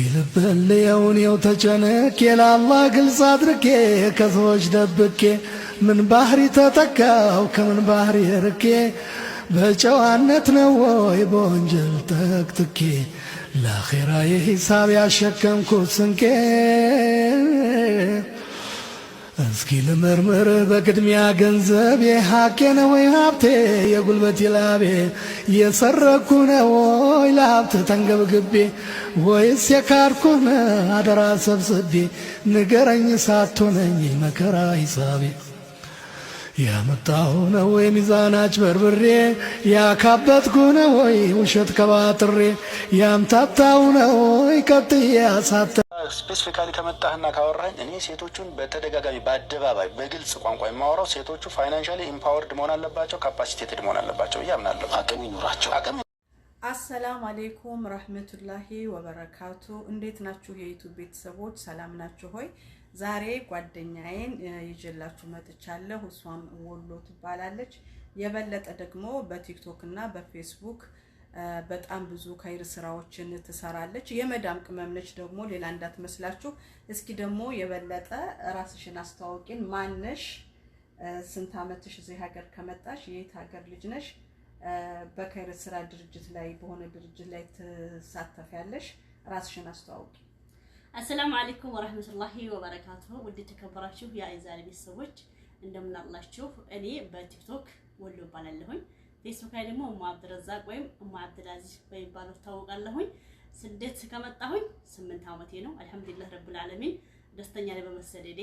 ሲልበልየውኔው ተጨነቄ ለአላህ ግልጽ አድርጌ ከሰዎች ደብቄ ምን ባህሪ ተጠቃው ከምን ባህሪ ርቄ በጨዋነት ነው ወይ በወንጀል ጠቅትኬ ለአኼራ የሂሳብ ያሸከምኩት ስንቄ እስኪ ልመርምር በቅድሚያ ገንዘቤ ሀቄ ነው ወይ ሀብቴ የጉልበት ላቤ የሰረኩ ነው ወይ ለሀብት ተንገብግቤ ወይስ የካርኩ ነ አደራ ሰብስቤ ንገረኝ ሳትሆነኝ መከራ ሂሳቤ ያመጣሁ ነው ወይ ሚዛናች በርብሬ ያካበትኩ ነው ወይ ውሸት ከባጥሬ ያምታታሁ ነው ወይ ቀጥዬ አሳተ ስፔሲፊካሊ ከመጣህና ካወራኝ እኔ ሴቶቹን በተደጋጋሚ በአደባባይ በግልጽ ቋንቋ የማወራው ሴቶቹ ፋይናንሻሊ ኢምፓወርድ መሆን አለባቸው፣ ካፓሲቴትድ መሆን አለባቸው ብዬ አቅም ይኑራቸው። አቅም አሰላሙ አሌይኩም ረህመቱላሂ ወበረካቱ። እንዴት ናችሁ የዩቱብ ቤተሰቦች? ሰላም ናችሁ ሆይ? ዛሬ ጓደኛዬን ይዤላችሁ መጥቻለሁ። እሷም ወሎ ትባላለች። የበለጠ ደግሞ በቲክቶክ እና በፌስቡክ በጣም ብዙ ከይር ስራዎችን ትሰራለች። የመዳም ቅመም ነች ደግሞ ሌላ እንዳትመስላችሁ። እስኪ ደግሞ የበለጠ ራስሽን አስተዋውቂን። ማነሽ? ስንት አመትሽ? እዚህ ሀገር ከመጣሽ የት ሀገር ልጅ ነሽ? በከይር ስራ ድርጅት ላይ በሆነ ድርጅት ላይ ትሳተፊያለሽ። ራስሽን አስተዋውቂ። አሰላሙ አለይኩም ወራህመቱላሂ ወበረካቱሁ። ውድ ተከበራችሁ የአይዛሪ ቤተሰቦች እንደምን እኔ በቲክቶክ ወሎ እባላለሁኝ። ፌስቡክ ላይ ደግሞ እሙ አብድረዛቅ ወይም እሙ አብድልአዚዝ በሚባለው ስደት ከመጣሁኝ ስምንት ዓመቴ ነው። አልሐምዱሊላህ ረብል ዓለሚን ደስተኛ ላይ በመሰደዴ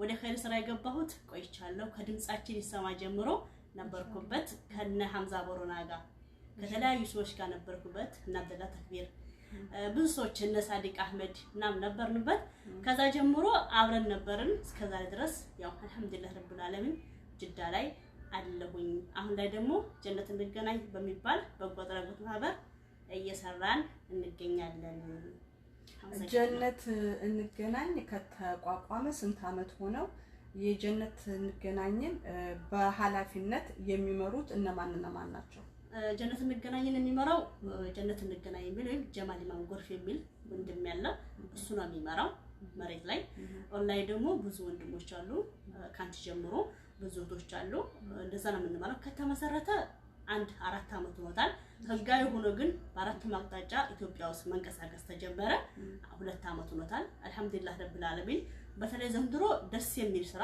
ወደ ኸይር ስራ የገባሁት ቆይቻለሁ። ከድምጻችን ይሰማ ጀምሮ ነበርኩበት ከነ ሀምዛ ቦሮና ጋር ከተለያዩ ሰዎች ጋር ነበርኩበት እና አብደላ ተክቢር ብዙ ሰዎች እነ ሳዲቅ አህመድ ምናምን ነበርንበት። ከዛ ጀምሮ አብረን ነበርን እስከዛሬ ድረስ ያው አልሐምዱሊላህ ረብል ዓለሚን ጅዳ ላይ አለሁኝ። አሁን ላይ ደግሞ ጀነት እንገናኝ በሚባል በጎ አድራጎት ማህበር እየሰራን እንገኛለን። ጀነት እንገናኝ ከተቋቋመ ስንት ዓመት ሆነው? የጀነት እንገናኝን በኃላፊነት የሚመሩት እነማን እነማን ናቸው? ጀነት እንገናኝን የሚመራው ጀነት እንገናኝ የሚል ወይም ጀማል ኢማም ጎርፍ የሚል ወንድም ያለ እሱ ነው የሚመራው መሬት ላይ። ኦንላይን ደግሞ ብዙ ወንድሞች አሉ ከአንቺ ጀምሮ ብዙ እህቶች አሉ። እንደዛ ነው የምንማለው። ከተመሰረተ አንድ አራት ዓመት ሆኖታል። ህጋዊ የሆነ ግን በአራት አቅጣጫ ኢትዮጵያ ውስጥ መንቀሳቀስ ተጀመረ። ሁለት ዓመት ሆኖታል። አልሐምዱሊላህ ረብል ዓለሚን። በተለይ ዘንድሮ ደስ የሚል ስራ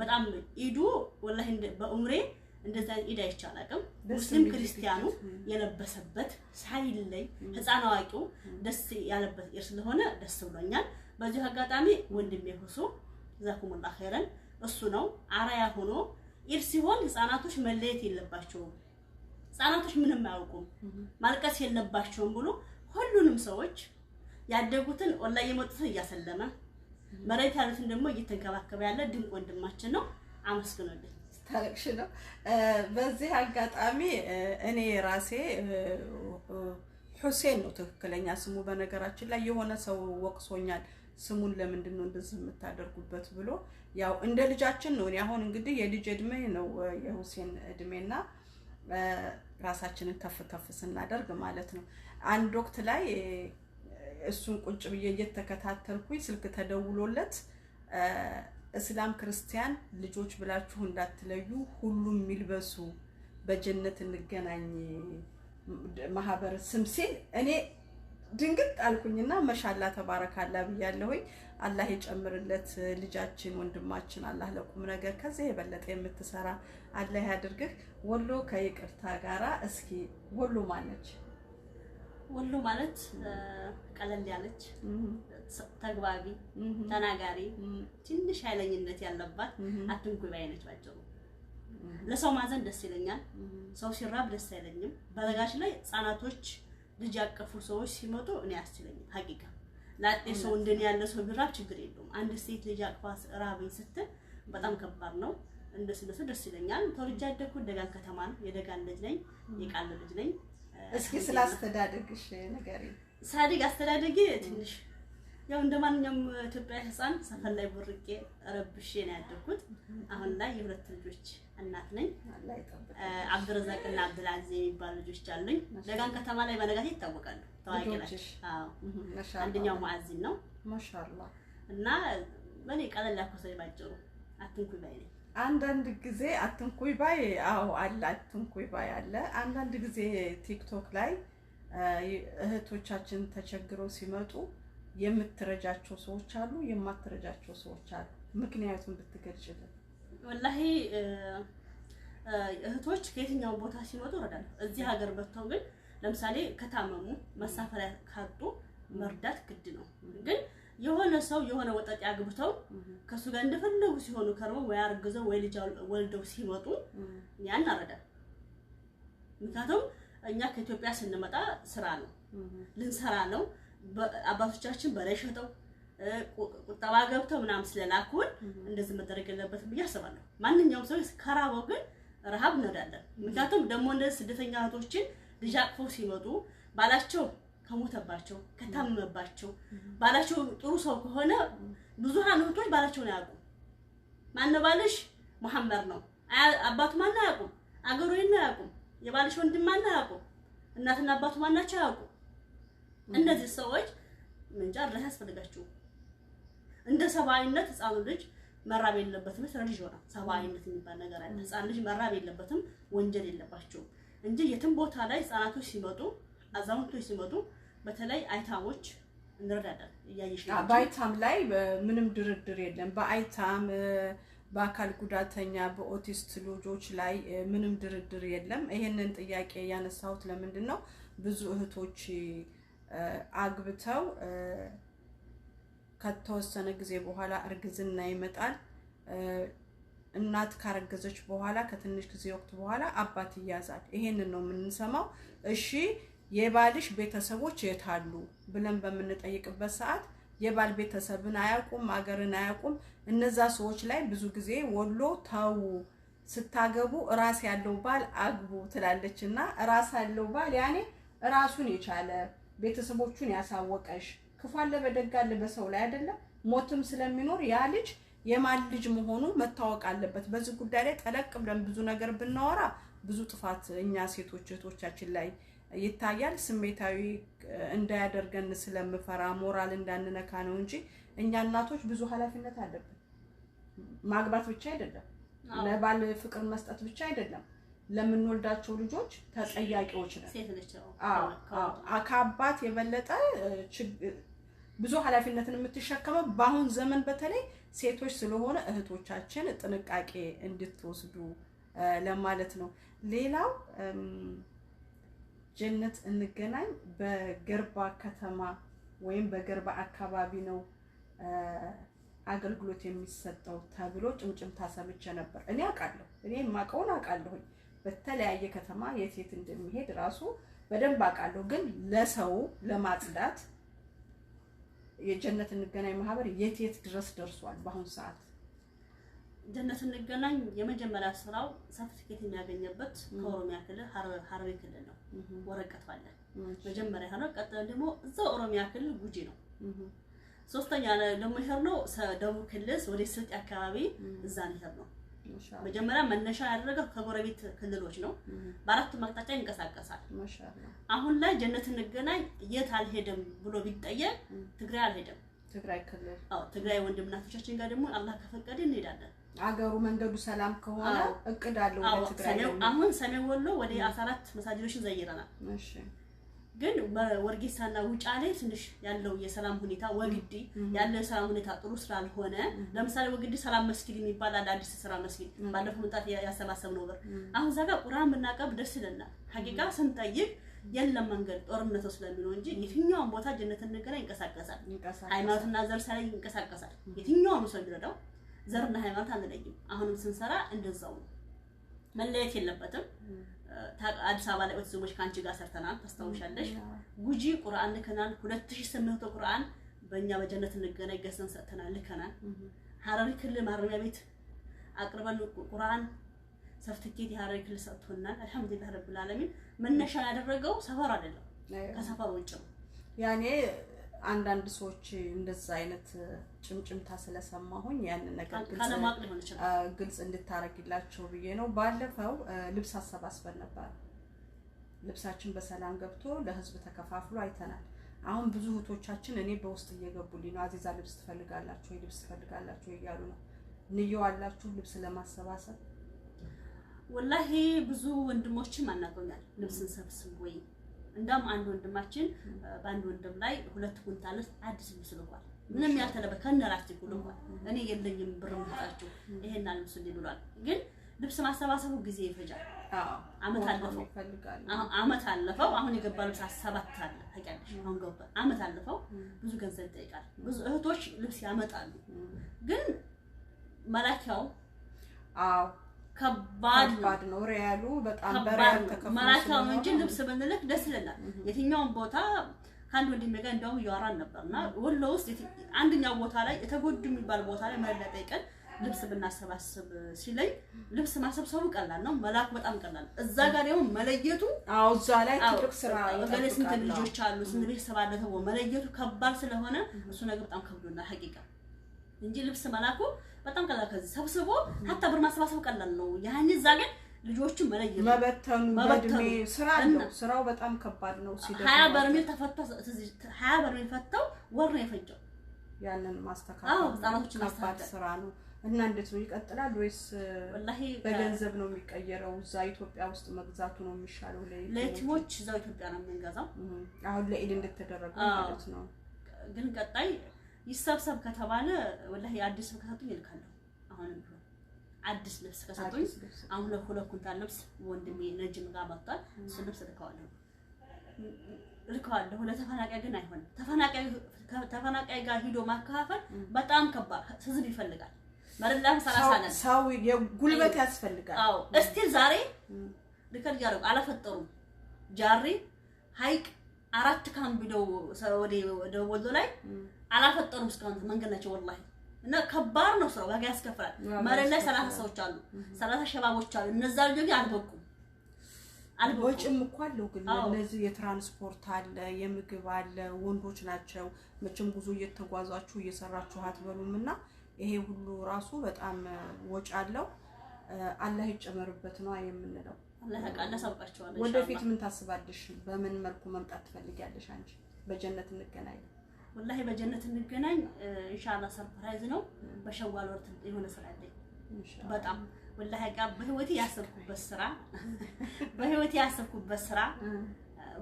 በጣም ኢዱ ወላሂ በኡምሬ እንደዛ ኢድ አይቻላቅም። ሙስሊም ክርስቲያኑ የለበሰበት ሳይለይ ህፃን አዋቂው ደስ ያለበት ኢድ ስለሆነ ደስ ብሎኛል። በዚሁ አጋጣሚ ወንድሜ ሁሱ ጀዛኩሙላህ ኸይረን እሱ ነው አራያ ሆኖ ኢድ ሲሆን ህፃናቶች መለየት የለባቸውም፣ ህፃናቶች ምንም አያውቁም፣ ማልቀስ የለባቸውም ብሎ ሁሉንም ሰዎች ያደጉትን ኦንላይን የመጡት እያሰለመ መሬት ያሉትን ደግሞ እየተንከባከበ ያለ ድንቅ ወንድማችን ነው። አመስግኖልኝ ታለቅሽ ነው። በዚህ አጋጣሚ እኔ ራሴ ሁሴን ነው ትክክለኛ ስሙ። በነገራችን ላይ የሆነ ሰው ወቅሶኛል። ስሙን ለምንድን ነው እንደዚህ የምታደርጉበት ብሎ ያው እንደ ልጃችን ነው። አሁን እንግዲህ የልጅ እድሜ ነው የሁሴን እድሜና ራሳችንን ከፍ ከፍ ስናደርግ ማለት ነው። አንድ ወቅት ላይ እሱን ቁጭ ብዬ እየተከታተልኩኝ ስልክ ተደውሎለት እስላም ክርስቲያን ልጆች ብላችሁ እንዳትለዩ፣ ሁሉም የሚልበሱ በጀነት እንገናኝ ማህበር ስም ሲል እኔ ድንግጥ አልኩኝና መሻላ ተባረካላ ብያለሁኝ። አላህ የጨምርለት ልጃችን ወንድማችን፣ አላህ ለቁም ነገር ከዚህ የበለጠ የምትሰራ አላህ ያድርግህ። ወሎ ከይቅርታ ጋራ እስኪ ወሎ ማነች? ወሎ ማለት ቀለል ያለች ተግባቢ፣ ተናጋሪ፣ ትንሽ ኃይለኝነት ያለባት ባይ ነች። ባጭሩ ለሰው ማዘን ደስ ይለኛል። ሰው ሲራብ ደስ አይለኝም። በነገራችን ላይ ህጻናቶች ልጅ ያቀፉ ሰዎች ሲመጡ እኔ ያስችለኛል። ሀቂቃ ላጤ ሰው እንደኔ ያለ ሰው ቢራብ ችግር የለውም። አንድ ሴት ልጅ አቅፋ ራበኝ ስትል በጣም ከባድ ነው። እንደሱ ደስ ይለኛል። ተወልጄ ያደግኩት ደጋን ከተማ ነው። የደጋን ልጅ ነኝ፣ የቃል ልጅ ነኝ። እስኪ ስለ አስተዳደግሽ ንገሪኝ። ሳድግ አስተዳደጌ ትንሽ ያው እንደ ማንኛውም ኢትዮጵያ ህፃን ሰፈር ላይ ቦርቄ ረብሼ ነው ያደግኩት። አሁን ላይ የሁለት ልጆች እናት ነኝ። አብዱረዛቅና አብዱልአዚዝ የሚባሉ ልጆች አሉኝ። ደጋን ከተማ ላይ በነጋት ይታወቃሉ፣ ታዋቂ ናቸው። አንደኛው ሙዓዚን ነው ማሻአላ። እና በኔ ቀለል ያኮሰኝ ባጭሩ አትንኩኝ ባይ ነኝ። አንዳንድ ጊዜ አትንኩኝ ባይ አዎ አለ፣ አትንኩኝ ባይ አለ። አንዳንድ ጊዜ ቲክቶክ ላይ እህቶቻችን ተቸግረው ሲመጡ የምትረጃቸው ሰዎች አሉ፣ የማትረጃቸው ሰዎች አሉ። ምክንያቱም ብትገልጭልን። ወላሂ እህቶች ከየትኛው ቦታ ሲመጡ እረዳለሁ። እዚህ ሀገር መጥተው ግን ለምሳሌ ከታመሙ መሳፈሪያ ካጡ መርዳት ግድ ነው። ግን የሆነ ሰው የሆነ ወጠጤ አግብተው ከእሱ ጋር እንደፈለጉ ሲሆኑ ከርሞ ወይ አርግዘው ወይ ልጅ ወልደው ሲመጡ ያን አረዳል። ምክንያቱም እኛ ከኢትዮጵያ ስንመጣ ስራ ነው ልንሰራ ነው አባቶቻችን በላይ ሸጠው ቁጠባ ገብተው ምናምን ስለላኩን እንደዚህ መደረግ የለበትም ብዬ አስባለሁ። ማንኛውም ሰው ከራበው ግን ረሃብ እንወዳለን። ምክንያቱም ደግሞ እንደዚህ ስደተኛ እህቶችን ልጅ አቅፈው ሲመጡ ባላቸው ከሞተባቸው ከታመመባቸው፣ ባላቸው ጥሩ ሰው ከሆነ ብዙሃን እህቶች ባላቸውን አያውቁም። ማነው ባልሽ? መሐመድ ነው አባቱ ማነው? አያውቁም። አገሩ ነው አያውቁም። የባልሽ ወንድም ማነው? አያውቁም። እናትና አባቱ ማናቸው? አያውቁም። እነዚህ ሰዎች እንጃ እርዳታ ያስፈልጋቸው? እንደ ሰብአዊነት ህፃኑ ልጅ መራብ የለበትም። ስለዚህ ሆና ሰብአዊነት የሚባል ነገር አለ። ህፃን ልጅ መራብ የለበትም። ወንጀል የለባቸውም እንጂ የትም ቦታ ላይ ህፃናቶች ሲመጡ፣ አዛውንቶች ሲመጡ በተለይ አይታሞች እንረዳለን። እያየሽ በአይታም ላይ ምንም ድርድር የለም። በአይታም በአካል ጉዳተኛ በኦቲስት ልጆች ላይ ምንም ድርድር የለም። ይሄንን ጥያቄ ያነሳሁት ለምንድን ነው ብዙ እህቶች አግብተው ከተወሰነ ጊዜ በኋላ እርግዝና ይመጣል። እናት ካረገዘች በኋላ ከትንሽ ጊዜ ወቅት በኋላ አባት ይያዛል። ይሄንን ነው የምንሰማው። እሺ የባልሽ ቤተሰቦች የታሉ ብለን በምንጠይቅበት ሰዓት የባል ቤተሰብን አያውቁም፣ አገርን አያውቁም። እነዛ ሰዎች ላይ ብዙ ጊዜ ወሎ ተዉ ስታገቡ ራስ ያለው ባል አግቡ ትላለች እና ራስ ያለው ባል ያኔ ራሱን የቻለ ቤተሰቦቹን ያሳወቀሽ ክፉ አለ በደግ አለ በሰው ላይ አይደለም። ሞትም ስለሚኖር ያ ልጅ የማን ልጅ መሆኑ መታወቅ አለበት። በዚህ ጉዳይ ላይ ጠለቅ ብለን ብዙ ነገር ብናወራ ብዙ ጥፋት እኛ ሴቶች እህቶቻችን ላይ ይታያል። ስሜታዊ እንዳያደርገን ስለምፈራ ሞራል እንዳንነካ ነው እንጂ እኛ እናቶች ብዙ ኃላፊነት አለብን። ማግባት ብቻ አይደለም፣ ለባል ፍቅር መስጠት ብቻ አይደለም። ለምንወልዳቸው ልጆች ተጠያቂዎች ነን። ከአባት የበለጠ ብዙ ኃላፊነትን የምትሸከመው በአሁን ዘመን በተለይ ሴቶች ስለሆነ እህቶቻችን ጥንቃቄ እንድትወስዱ ለማለት ነው። ሌላው ጀነት እንገናኝ በገርባ ከተማ ወይም በገርባ አካባቢ ነው አገልግሎት የሚሰጠው ተብሎ ጭምጭምታ ሰምቼ ነበር። እኔ አውቃለሁ፣ እኔ የማውቀውን አውቃለሁኝ። በተለያየ ከተማ የት የት እንደሚሄድ ራሱ በደንብ አውቃለሁ። ግን ለሰው ለማጽዳት የጀነት እንገናኝ ማህበር የት የት ድረስ ደርሷል? በአሁኑ ሰዓት ጀነት እንገናኝ የመጀመሪያ ስራው ሰርቲፊኬት የሚያገኘበት ከኦሮሚያ ክልል ሀረሪ ክልል ነው። ወረቀት አለ መጀመሪያ ሆነ። ቀጥለን ደግሞ እዛው ኦሮሚያ ክልል ጉጂ ነው። ሶስተኛ ደግሞ ይሄር ነው ደቡብ ክልል ወደ ስልጤ አካባቢ እዛ ይሄር ነው መጀመሪያ መነሻ ያደረገው ከጎረቤት ክልሎች ነው። በአራቱም አቅጣጫ ይንቀሳቀሳል። አሁን ላይ ጀነት እንገናኝ የት አልሄደም ብሎ ቢጠየቅ ትግራይ አልሄደም። ትግራይ ክልል አዎ፣ ትግራይ ወንድምናቶቻችን ጋር ደግሞ አላህ ከፈቀደ እንሄዳለን። አገሩ መንገዱ ሰላም ከሆነ እቅድ አለው። አሁን ሰሜን ወሎ ወደ አራት መሳጅዶችን ዘይረናል። ግን ወርጌሳና ውጫሌ ትንሽ ያለው የሰላም ሁኔታ ወግዲ ያለው የሰላም ሁኔታ ጥሩ ስላልሆነ፣ ለምሳሌ ወግዲ ሰላም መስጊድ የሚባል አለ፣ አዲስ ስራ መስጊድ ባለፈው ምጣት ያሰባሰብ ነው ብር። አሁን እዛ ጋር ቁርአን ብናቀብ ደስ ይለናል። ሀቂቃ ስንጠይቅ የለም መንገድ ጦርነት ስለሚ ነው እንጂ የትኛውን ቦታ ጀነትን ነገር ይንቀሳቀሳል። ሃይማኖትና ዘር ሳይለይ ይንቀሳቀሳል። የትኛውን ሰው ይረዳው፣ ዘርና ሃይማኖት አንለይም። አሁንም ስንሰራ እንደዛው ነው፣ መለየት የለበትም። አዲስ አበባ ላይ ኦቲዝሞች ከአንቺ ጋር ሰርተናል፣ ታስታውሻለሽ። ጉጂ ቁርአን ልከናል። ሁለት 2800 ቁርአን በእኛ በጀነት እንገናኝ ገዝተን ሰጥተናል፣ ልከናል። ሀረሪ ክልል ማረሚያ ቤት አቅርበን ቁርአን ሰርቲፊኬት የሀረሪ ክልል ሰጥቶናል። አልሐምዱሊላህ ረብል ዓለሚን። መነሻ ያደረገው ሰፈር አይደለም፣ ከሰፈር ውጭ ነው ያኔ አንዳንድ ሰዎች እንደዚህ አይነት ጭምጭምታ ስለሰማሁኝ ያንን ነገር ግልጽ እንድታረግላቸው ብዬ ነው። ባለፈው ልብስ አሰባስበን ነበር። ልብሳችን በሰላም ገብቶ ለህዝብ ተከፋፍሎ አይተናል። አሁን ብዙ እህቶቻችን እኔ በውስጥ እየገቡልኝ ነው። አዚዛ ልብስ ትፈልጋላችሁ፣ ልብስ ትፈልጋላችሁ እያሉ ነው። ንየው አላችሁ ልብስ ለማሰባሰብ ወላሂ ብዙ ወንድሞችም አናገኛል ልብስን ሰብስብ ወይ እንደውም አንድ ወንድማችን በአንድ ወንድም ላይ ሁለት ኩንታል አዲስ ልብስ ልኳል። ምንም ያልተለበ ከነራችን ሁሉ እኔ የለኝም ብር ምታጣችሁ ይሄን አልብስ ብሏል። ግን ልብስ ማሰባሰቡ ጊዜ ይፈጃል። አመት አለፈው አመት አለፈው። አሁን የገባ ልብስ ሰባት አለ ታውቂያለሽ። አሁን ገባ አመት አለፈው። ብዙ ገንዘብ ይጠይቃል። ብዙ እህቶች ልብስ ያመጣሉ። ግን መላኪያው አዎ ከባድ ከባድ ነው። ሪያሉ በጣም በሪያል ተከፍሎ ማራታው እንጂ ልብስ ብንልክ ደስ ይለናል። የትኛውን ቦታ ከአንድ ወንድሜ ጋር እንደውም እያወራን ነበርና ወሎ ውስጥ አንደኛው ቦታ ላይ የተጎዱ የሚባል ቦታ ላይ መለጠ ይቀን ልብስ ብናሰባስብ ሲለኝ ልብስ ማሰብሰቡ ቀላል ነው፣ መላክ በጣም ቀላል እዛ ጋር ደግሞ መለየቱ አዎ፣ እዛ ላይ ትልቅ ስራ ገለ ስንት ልጆች አሉ ስንት ቤተሰብ አለ ተብሎ መለየቱ ከባድ ስለሆነ እሱ ነገር በጣም ከብዶናል ሐቂቃ እንጂ ልብስ መላኩ በጣም ቀላል። ከዚህ ሰብስቦ ሀታ ብር ማሰባሰብ ቀላል ነው። ያን እዛ ግን ልጆቹ መለየት መበተኑ በእድሜ ስራ ነው። ስራው በጣም ከባድ ነው። ሲደግ ሀያ በርሜል ተፈታ ሀያ በርሜል ፈተው ወር ነው የፈጀው ያንን ማስተካከል። አዎ ህጻናቶችን ማስተካከል ስራ ነው። እና እንዴት ነው ይቀጥላል ወይስ በገንዘብ ነው የሚቀየረው? እዛ ኢትዮጵያ ውስጥ መግዛቱ ነው የሚሻለው? ለየቲሞች እዛው ኢትዮጵያ ነው የምንገዛው አሁን ለኢድ እንደተደረገ ማለት ነው። ግን ቀጣይ ይሰብሰብ ከተባለ ወላ አዲስ ልብስ ከሰጡኝ እልካለሁ። አሁንም ቢሆን አዲስ ልብስ ከሰጡኝ አሁን ለሁለት ኩንታል ልብስ ወንድሜ ነጅም ጋር መጥቷል። እሱ ልብስ እልከዋለሁ እልከዋለሁ። ለተፈናቃይ ግን አይሆንም። ተፈናቃይ ተፈናቃይ ጋር ሂዶ ማከፋፈል በጣም ከባድ ህዝብ ይፈልጋል። መረዳም ሰላሳ ሰው የጉልበት ያስፈልጋል። አዎ እስቲ ዛሬ ሪከርድ ያደረጉ አላፈጠሩም። ጃሪ ሀይቅ አራት ካምፕ ሂደው ወደ ወሎ ላይ አላፈጠሩም እስካሁን መንገድ ናቸው። ወላሂ እና ከባድ ነው ስራው፣ ዋጋ ያስከፍላል። መሬት ላይ ሰላሳ ሰዎች አሉ፣ ሰላሳ ሸባቦች አሉ። እነዛ ልጆች ግን አልበቁም። ወጭም እኮ አለው ግን እነዚህ የትራንስፖርት አለ፣ የምግብ አለ። ወንዶች ናቸው መቼም ጉዞ እየተጓዛችሁ እየሰራችሁ አትበሉም። እና ይሄ ሁሉ ራሱ በጣም ወጭ አለው። አላህ ይጨመርበት ነው የምንለው። ወደፊት ምን ታስባለሽ? በምን መልኩ መምጣት ትፈልጊያለሽ አንቺ? በጀነት እንገናኝ ወላሂ በጀነት እንገናኝ ኢንሻአላህ። ሰርፕራይዝ ነው። በሸዋል ወር የሆነ ስራ አለኝ በጣም ወላሂ ቃ በህይወቴ ያሰብኩበት ስራ በህይወቴ ያሰብኩበት ስራ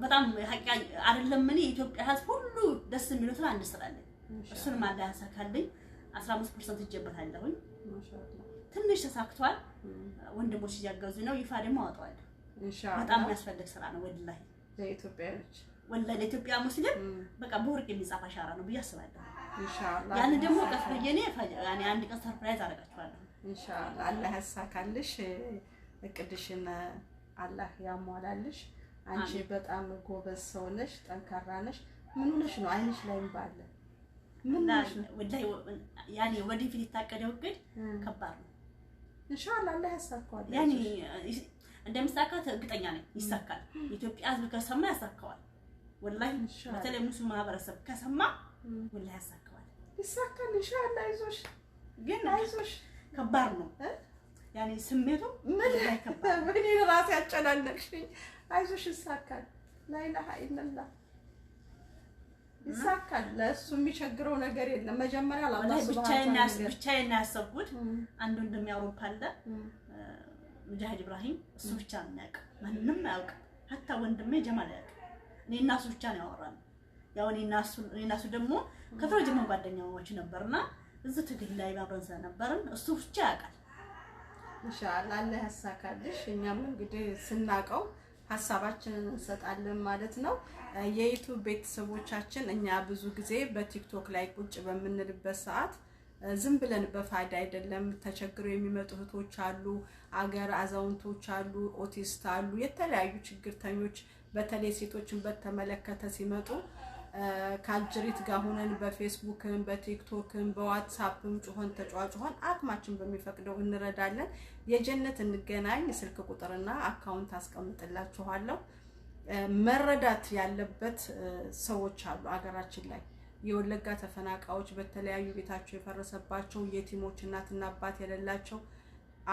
በጣም ሀቂያ አይደለም። እኔ የኢትዮጵያ ህዝብ ሁሉ ደስ የሚሉት አንድ ስራ አለኝ። እሱንም አላህ ያሳካልኝ። 15% እጀበታለሁኝ። ትንሽ ተሳክቷል። ወንድሞች እያገዙ ነው። ይፋ ደግሞ አወጣዋለሁ። በጣም የሚያስፈልግ ስራ ነው ወላሂ ለኢትዮጵያውያን ወላሂ ለኢትዮጵያ ሙስሊም በቃ በወርቅ የሚጻፍ አሻራ ነው ብዬ አስባለሁ። ኢንሻአላህ ያን ደግሞ ቀስ በየኔ ያኔ አንድ ቀን ሰርፕራይዝ አደርጋችኋለሁ። ኢንሻአላህ አላህ ያሳካልሽ፣ እቅድሽን አላህ ያሟላልሽ። አንቺ በጣም ጎበዝ ሰው ነሽ፣ ጠንካራ ነሽ። ምን ሆነሽ ነው አይንሽ ላይ እምባ ምን ሆነሽ ነው? ወላሂ ያኔ ወደፊት የታቀደው እቅድ ከባድ ነው። ኢንሻአላህ አላህ ያሳካዋል። ያኔ እንደሚሳካ እርግጠኛ ነኝ። ይሳካል። ኢትዮጵያ ህዝብ ከሰማ ያሳካዋል። ወላሂ በተለይ ሙስሊም ማህበረሰብ ከሰማ ወላሂ ያሳካዋል። ይሳካል ኢንሻአላህ። አይዞሽ ግን አይዞሽ፣ ከባድ ነው ያኔ ስሜቱ ምን ከባድ ያጨናነቅሽኝ። አይዞሽ ይሳካል። ይሳካል። ለእሱ የሚቸግረው ነገር የለም። መጀመሪያ ለአላህ ያሰብኩት አንድ ወንድሜ አውሮፓ አለ ሙጃሂድ ኢብራሂም፣ እሱ ብቻ ነው የሚያውቅ፣ ማንም አያውቅም። ሀታ ወንድሜ ጀማል አያውቅም። እኔና እሱ ብቻ ነው ያወራን። ያው እኔና እሱ ደግሞ ከፍሮ ጀመን ጓደኛሞች ነበርና እዚህ ትግል ላይ አብረን ስለነበርን እሱ ብቻ ያውቃል። ኢንሻአላህ አላህ ያሳካልሽ። እኛም እንግዲህ ስናቀው ሀሳባችንን እንሰጣለን ማለት ነው። የዩቱብ ቤተሰቦቻችን እኛ ብዙ ጊዜ በቲክቶክ ላይ ቁጭ በምንልበት ሰዓት ዝም ብለን በፋይዳ አይደለም ተቸግረው የሚመጡ እህቶች አሉ፣ አገር አዛውንቶች አሉ፣ ኦቲስት አሉ፣ የተለያዩ ችግርተኞች በተለይ ሴቶችን በተመለከተ ሲመጡ ከአልጅሪት ጋር ሆነን በፌስቡክም በቲክቶክም በዋትሳፕም ጩሆን ተጫዋጭሆን አቅማችን በሚፈቅደው እንረዳለን። የጀነት እንገናኝ ስልክ ቁጥርና አካውንት አስቀምጥላችኋለሁ። መረዳት ያለበት ሰዎች አሉ አገራችን ላይ የወለጋ ተፈናቃዮች፣ በተለያዩ ቤታቸው የፈረሰባቸው የቲሞች እናትና አባት የሌላቸው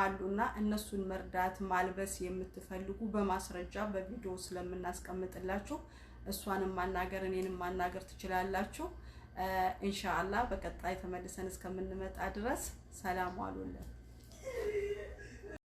አሉና እነሱን መርዳት ማልበስ የምትፈልጉ በማስረጃ በቪዲዮ ስለምናስቀምጥላችሁ እሷንም ማናገር እኔንም ማናገር ትችላላችሁ። ኢንሻአላህ በቀጣይ ተመልሰን እስከምንመጣ ድረስ ሰላም አሉልን።